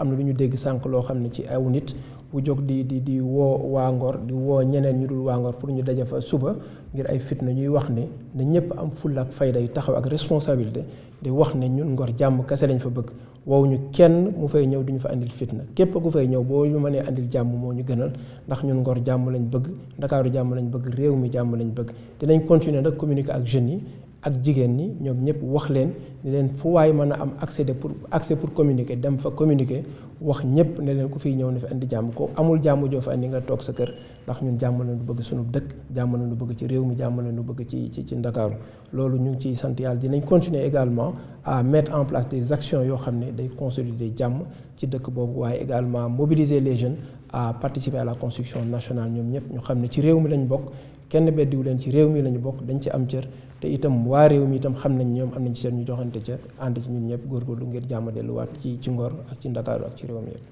am na lu ñu dégg sànq loo xam ne ci aw nit bu jóg di di di woo waa Ngor di woo ñeneen ñu dul waa Ngor pour ñu daje fa suba ngir ay fitna ñuy wax ne na ñëpp am fulla ak fayda taxaw ak responsabilité di wax ne ñun Ngor jàmm kese lañ fa bëgg wow ñu kenn mu fay ñëw du ñu fa andil fitna képp ku fay ñëw boo ñu mënee indil jàmm moo ñu gënal ndax ñun Ngor jàmm lañ bëgg Ndakaaru jàmm lañ bëgg réew mi jàmm lañ bëgg dinañ continuer nag communiquer ak jeunes yi ak jigéen ñi ñoom ñëpp wax leen ne leen fu waay mën a am accès de pour accès pour communiquer dem fa communiquer wax ñëpp ne leen ku fiy ñëw na fi indi jàmm ko amul jàmm joo fa indi nga toog sa kër ndax ñun jàmm la ñu bëgg suñu dëkk jàmm la ñu bëgg ci réew mi jàmm la ñu bëgg ci ci ci Ndakaaru loolu ñu ngi ciy sant yàlla dinañ continuer également à mettre en place des actions yoo xam ne day consolider jàmm ci dëkk boobu waaye également mobiliser les jeunes à participer à la construction nationale ñoom ñëpp ñu xam ne ci réew mi lañu bokk kenn beddiwu leen ci réew mi lañu bokk dañ ci am cër te itam waa réew mi itam xam nañ ñoom am nañ ci cër ñu joxante cër ànd ci ñun ñëpp lu ngir jàmm delluwaat ci ci Ngor ak ci Ndakaaru ak ci réew mi yëpp